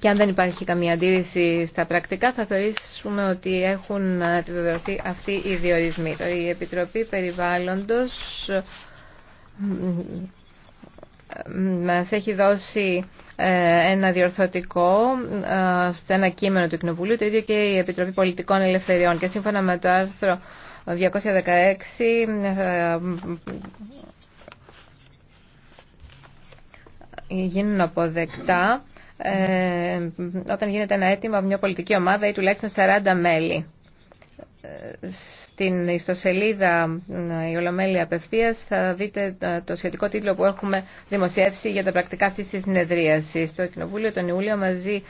Και αν δεν υπάρχει καμία αντίρρηση στα πρακτικά, θα θεωρήσουμε ότι έχουν επιβεβαιωθεί αυτοί οι διορισμοί. Η Επιτροπή Περιβάλλοντος μας έχει δώσει ένα διορθωτικό σε ένα κείμενο του Κοινοβουλίου, το ίδιο και η Επιτροπή Πολιτικών Ελευθεριών. Και σύμφωνα με το άρθρο 216 γίνουν αποδεκτά ε, όταν γίνεται ένα αίτημα από μια πολιτική ομάδα ή τουλάχιστον 40 μέλη. Ε, στην ιστοσελίδα ε, η Ολομέλη Απευθείας θα δείτε το σχετικό τίτλο που έχουμε δημοσιεύσει για τα πρακτικά αυτής της συνεδρίασης. Το Κοινοβούλιο τον Ιούλιο μαζί